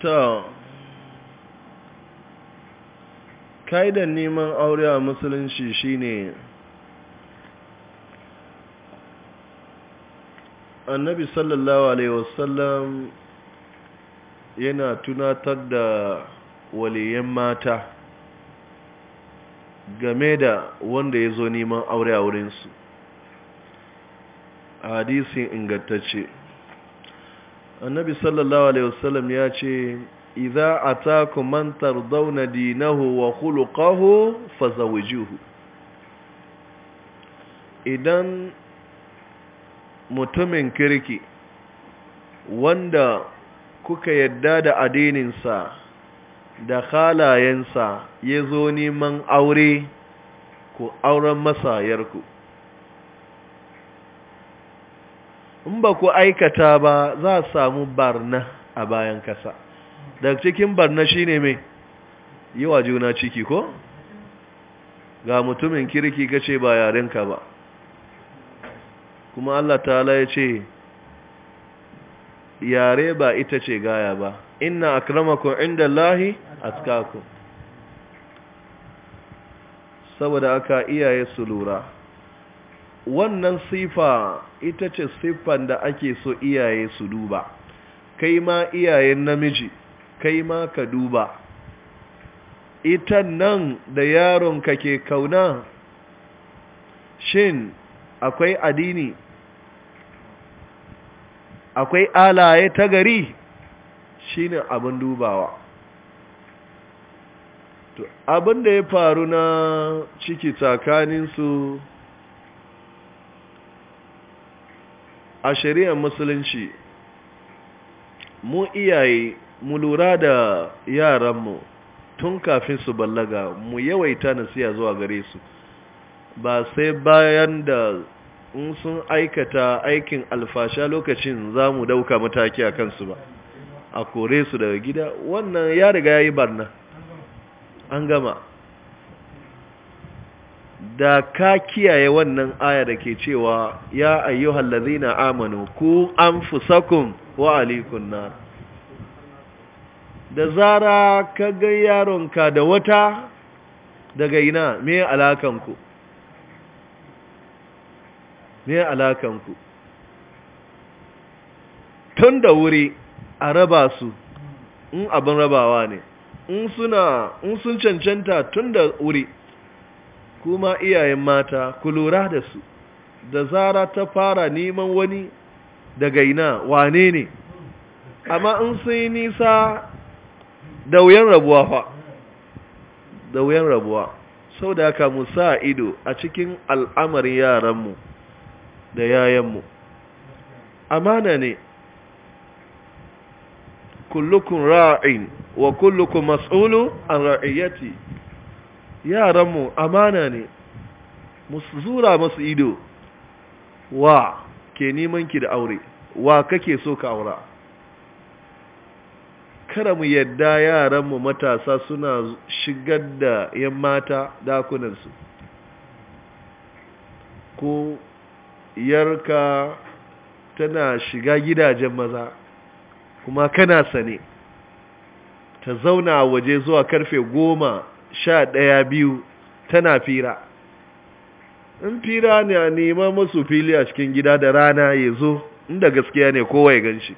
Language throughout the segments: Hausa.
to kaidan neman aure a musulunci shine annabi sallallahu alaihi wasallam yana tunatar da waliyan mata game da wanda ya zo neman aure a wurinsu a hadisin ingantacce annabi sallallahu alaihi wasallam ya ce idza ataakum man tardawna dinahu wa khuluquhu fazawijuhu idan mutumin kirki wanda kuka yadda da adininsa da halayensa ya zo neman aure ku auren masayarku in ba ku aikata ba za a samu barna a bayan kasa daga cikin barna shine mai yi wa juna ciki ko ga mutumin kirki kace ba yarenka ba kuma Allah ta'ala ya ce yare ba ita ce gaya ba inna akramakum lahi atqakum saboda aka iyaye su lura wannan sifa ita ce siffan da ake so iyaye su duba kai ma iyayen namiji kai ma ka duba ita nan da yaron ka ke kauna shin akwai adini akwai alaye ta gari Shi ne abin dubawa abin da ya faru na ciki tsakaninsu a shari'ar musulunci mu iyaye mu lura da yaranmu tun kafin su ballaga mu yawaita nasiya zuwa gare su ba sai bayan da in sun aikata aikin alfasha lokacin za mu dauka mataki a kansu ba a kore su daga gida wannan ya riga ya yi barna an gama da ka kiyaye wannan aya da ke cewa ya ayyuhal ladzina amanu ku fusakun wa alaykum nar da zara ka ga yaronka da wata daga ina me alakanku. me alakanku tun da wuri a raba su in abin rabawa ne in suna in sun cancanta tun da wuri kuma iyayen mata ku lura da su da zara ta fara neman wani da gaina wane ne amma in sun yi nisa da wuyan rabuwa fa da wuyan rabuwa sau da haka mu sa ido a cikin al'amarin yaranmu da yayanmu amana ne kullukun ra'in wa kullukun mas'ulu an ra'iyyati yaranmu amana ne musu zura masu ido wa ke neman ki da aure wa kake so ka aura kada mu yadda yaranmu matasa suna shigar da yan mata dakunansu ko yarka tana shiga gidajen maza kuma kana sane ta zauna waje zuwa karfe goma sha ɗaya biyu tana fira in fira ne a nema masu fili a cikin gida da rana ya zo inda gaskiya ne kowai gan shi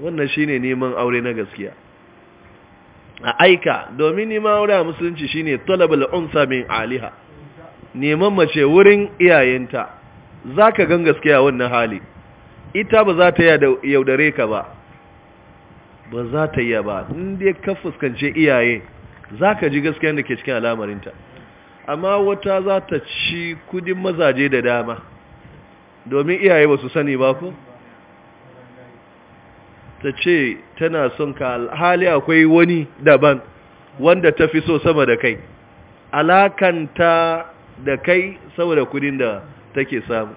wannan shi ne neman aure na gaskiya a aika domin neman aure a musulunci shi ne talabal unsa min aliha neman mace wurin iyayenta za ka gan gaskiya wannan hali ita ba za ta yaudare ka ba ba za ta yi ba inda ka fuskance iyayen. za ka ji gaskiya da ke cikin alamarinta amma wata za ta ci kudin mazaje da dama domin iyaye ba su sani ba ku ta ce tana son ka alhali akwai wani daban wanda ta fi so sama da kai alakanta da kai saboda kudin da take samu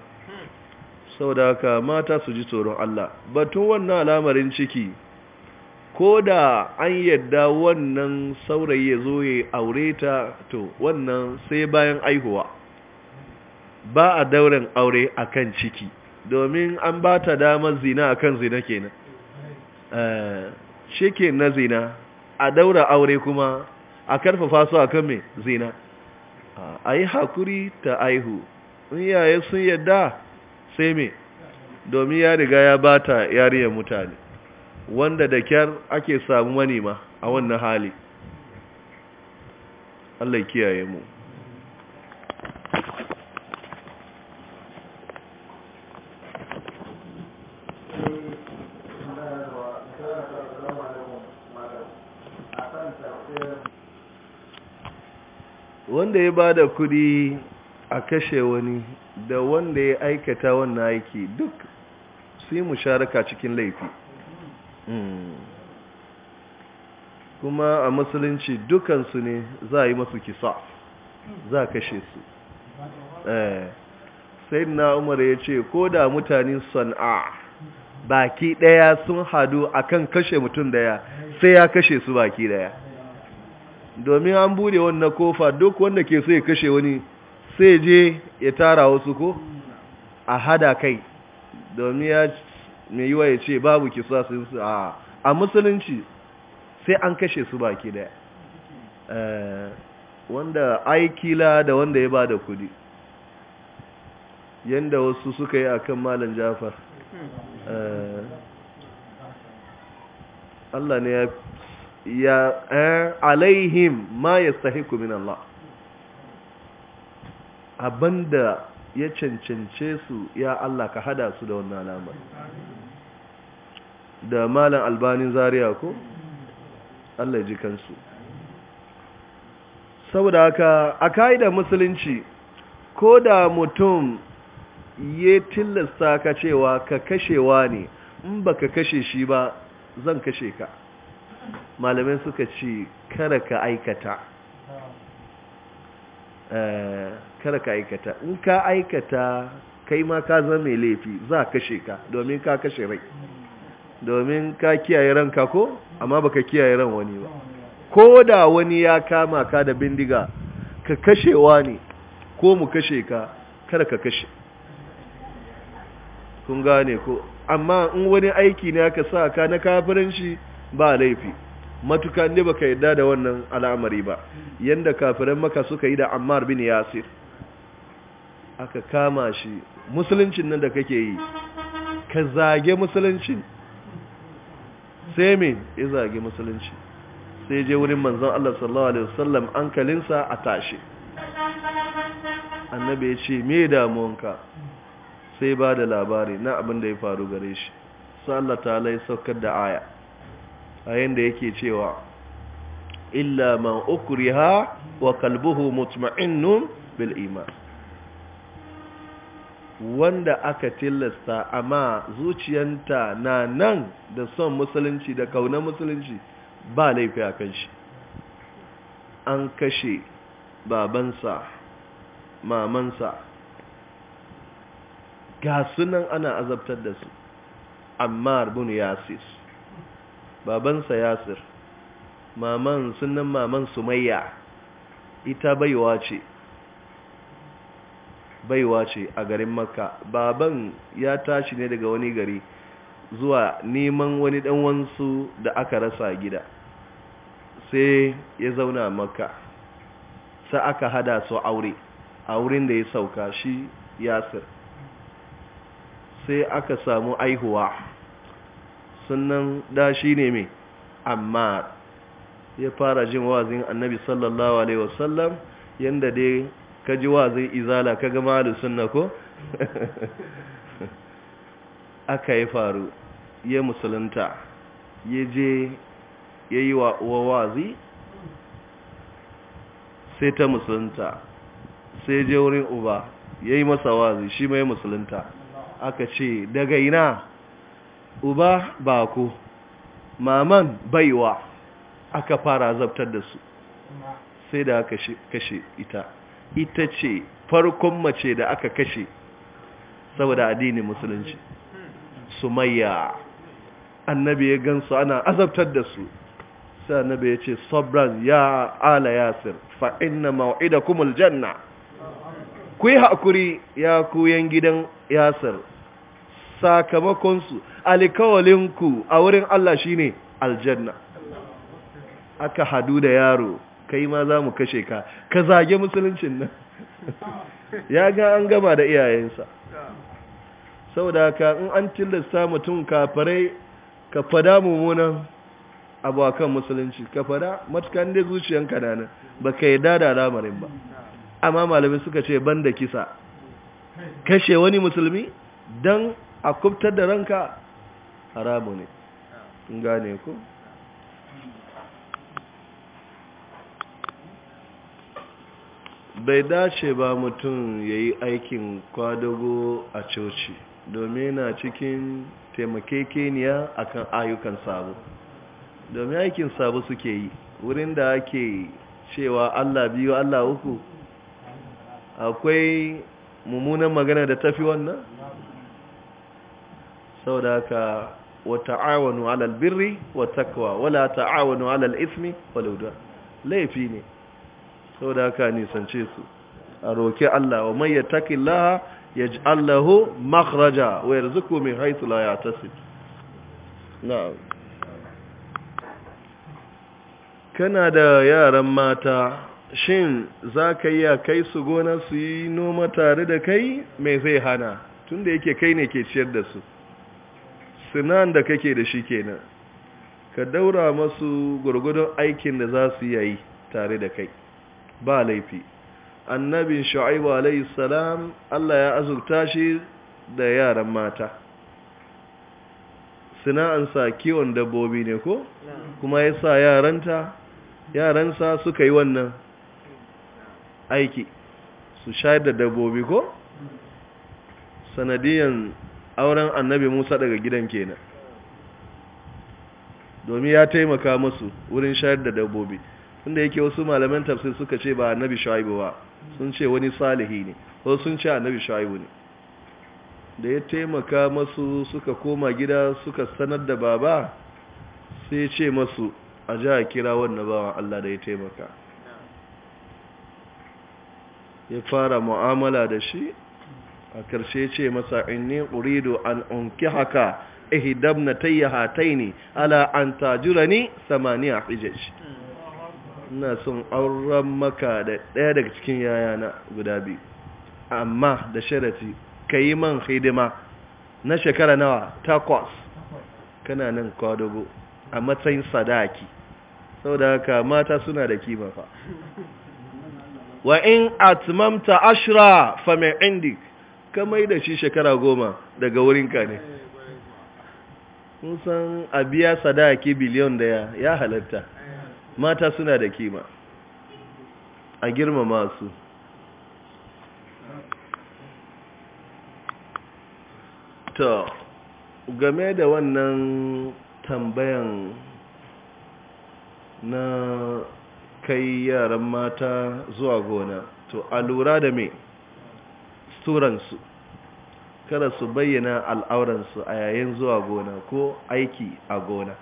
saboda haka mata su ji tsoron Allah batun wannan alamarin ciki ko da an yadda wannan saurayi ya zo ya aure ta to wannan sai bayan aihuwa ba a daurin aure akan ciki domin an ba ta damar zina akan zina kenan cikin eh, na zina a daura aure kuma a karfafa su akan mai zina a yi hakuri ta aihu in yaye sun yadda sai mai domin ya riga ya bata yariyar mutane wanda da kyar ake samu manema a wannan hali Allah kiyaye mu wanda ya bada kudi a kashe wani da wanda ya aikata wannan aiki duk su yi musharaka cikin laifi Hmm. kuma a musulunci dukansu ne za a yi masu kisa za a kashe su eh. sai na umar ya ce ko da mutane sana'a baki daya sun hadu akan kashe mutum daya sai ya kashe su baki daya domin an bude wannan kofa duk wanda ke so ya kashe wani sai je ya tara wasu ko a hada kai domin ya me yiwa ya ce babu kisa sun su a musulunci sai an kashe su baki daya eh, wanda aikila da wanda ya ba da kudi yadda wasu suka yi a kan malam jafar eh, Allah ne ya eh, alaihim ma ya sahiku min Allah abinda ya cancance su ya Allah ka hada su da wannan alamar da malam albanin zaria ko Allah ji kansu saboda haka a ka'idar musulunci ko da mutum ya tilasta ka cewa ka kashewa ne in ba ka kashe shi ba zan kashe ka malamai suka ce kara ka aikata eh, kara ka aikata in ka aikata kai ma ka zama mai laifi za a kashe ka domin ka kashe rai domin ka kiyaye ranka ko amma baka kiyaye ran wani ba ko da wani ya kama ka da bindiga ka kashewa ne ko mu kashe ka kada ka kashe kun gane ko amma in wani aiki ne aka sa ka na kafirin shi ba laifi matuka ne baka yadda da wannan al'amari ba yanda kafiran maka suka yi da Ammar bin Yasir aka kama shi musuluncin nan da kake yi ka zage musuluncin sai me ya zage musulunci sai je wurin manzan Allah sallallahu alaihi wasallam ankalinsa a tashi annabi ya ce me damuwanka sai ba da labari na abin da ya faru gare shi Allah ta lai saukar da aya a da yake cewa illa man ukriha wa kalbuhu mutma'innun bil iman wanda aka tilasta amma zuciyanta na nan da son musulunci da kaunar musulunci ba laifi a kan shi an kashe babansa mamansa ga sunan ana azabtar da su ammar bin yasir babansa yasir maman sunan maman sumayya ita baiwa ce baiwa ce a garin makka baban ya tashi ne daga wani gari zuwa neman wani dan wansu da aka rasa gida sai ya zauna makka sai aka hada su aure a wurin da ya sauka shi yasir sai aka samu aihuwa sannan da shi ne mai amma ya fara jin wazin annabi sallallahu alaihi wasallam yadda dai ka ji wa zai izala ka ga malu sunna ko aka yi faru ya musulunta ya je ya yi wa wazi sai ta musulunta sai je wurin uba ya yi masa wazi shi mai musulunta aka ce daga ina uba ku? maman baiwa aka fara zabtar da su sai da aka kashe ita ita ce farkon mace da aka kashe saboda addinin musulunci sumayya annabi ya gansu ana azabtar da su sai annabi ya ce sabran ya ala yasir fa inna maw'idakum aljanna ku yi hakuri ya ku gidan yasir sakamakon su alkawalinku a wurin Allah shine aljanna aka hadu da yaro kai ma za mu kashe ka ka zage musuluncin nan ya ga an gama da iyayensa saboda ka in an tilasta mutum kafarai ka fada mummunan abu a kan musulunci ka fada matukan da zuciyanka na nan ba ka yi dada lamarin ba amma malamai suka ce ban da kisa kashe wani musulmi don a kubtar da ranka haramu ne gane ku bai dace ba mutum ya yi aikin kwadago a coci domin na cikin taimakekeniya akan ayyukan sabo domin aikin sabo suke yi wurin da ake cewa allah biyu allah uku akwai mummunan magana da tafi wannan sau da haka awonu alal birri wa kawa wala awonu alal ismi walauda laifi ne sau da haka nisance su a roƙi Allah wa mai ya taƙi laha ya ji Allahu makaraja wa yarzuku mai haitula ya tasi na'am kana da yaran mata shin za ka yi a kai su gona su yi noma tare da kai mai zai hana tun da yake kai ne ke ciyar da su sinan da kake da shi kenan ka daura masu gwargwadon aikin da za su yayi tare da kai ba laifi annabin shu'aibu alayhi salam Allah ya azurta shi da yaran mata sana'ansa kiwon dabbobi ne ko kuma ya sa yaranta yaransa suka yi wannan aiki su shayar da dabbobi ko sanadiyan auren annabi musa daga gidan kenan domin ya taimaka musu wurin shayar da dabbobi inda yake wasu malaman tafsir suka ce ba annabi shaibu ba sun ce wani salihi ne wasu sun ce annabi shaibu ne da ya taimaka masu suka koma gida suka sanar da baba sai ce masu a ji a kira wannan bawan Allah da ya taimaka ya fara mu'amala da shi a karshe ce masa inni uridu an unki haka ihdabna tayya ne? ala an ni? samaniya hijaj ina son auren maka da ɗaya daga cikin yayana guda biyu amma da sharati ka yi man hidima na shekara nawa takwas kana nan kwadogo a matsayin sadaki saboda haka mata suna da kima fa wa in atmamta ashra fa indi ka mai da shi shekara goma daga wurinka ne mun san abiya sadaki biliyon daya ya halatta mata suna da kima a girmama su to game da wannan tambayan na kai yaran mata zuwa gona to a lura da mai suransu kada su bayyana al'auransu a yayin zuwa gona ko aiki a gona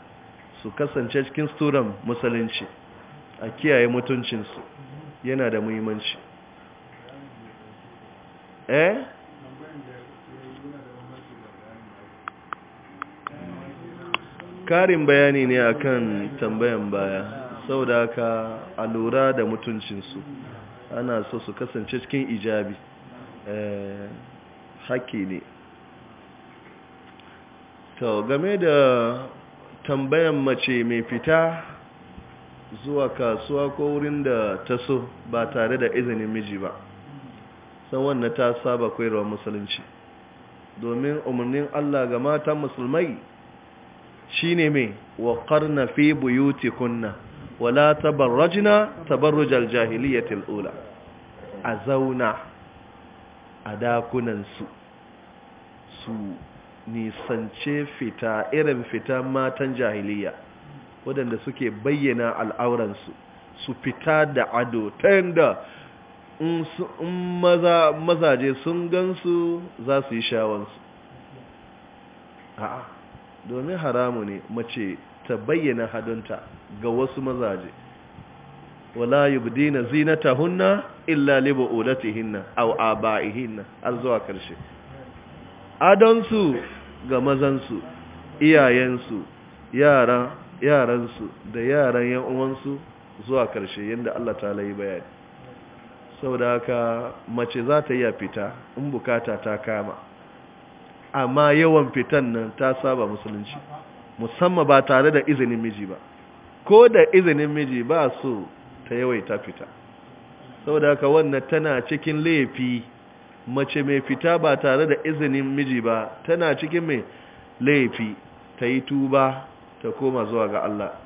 su kasance cikin suran musulunci a kiyaye mutuncinsu yana da muhimmanci eh karin bayani ne akan tambayan baya saboda haka a lura da mutuncinsu ana so su kasance cikin ijabi eh haƙi ne to game da tambayan mace mai fita zuwa kasuwa ko wurin da ta so ba tare da izinin miji ba san wannan ta saba koyarwa musulunci domin umarnin Allah ga matan musulmai shine mai wa qarna fi buyutikunna wala tabarrajna tabarruj aljahiliyyati ula a zauna a dakunansu su nisance fita irin fita matan jahiliya waɗanda suke bayyana al'auransu su fita da ado ta yadda in mazaje sun gansu za su yi shawansu a'a domin haramu ne mace ta bayyana hadunta ga wasu mazaje wala yubdina zinatahunna illa li au aw aba'ihinna har zuwa karshe adonsu ga mazansu iyayensu yara yaransu da yaran yan uwansu zuwa karshe yadda Allah ta layi bayani saboda haka mace za ta iya fita in bukata ta kama amma yawan fitan nan ta saba musulunci musamman ba tare da izinin miji ba ko da izinin miji ba su ta yawaita fita saboda haka wannan tana cikin laifi mace mai fita ba tare da izinin miji ba tana cikin mai laifi ta yi tuba ta koma zuwa ga Allah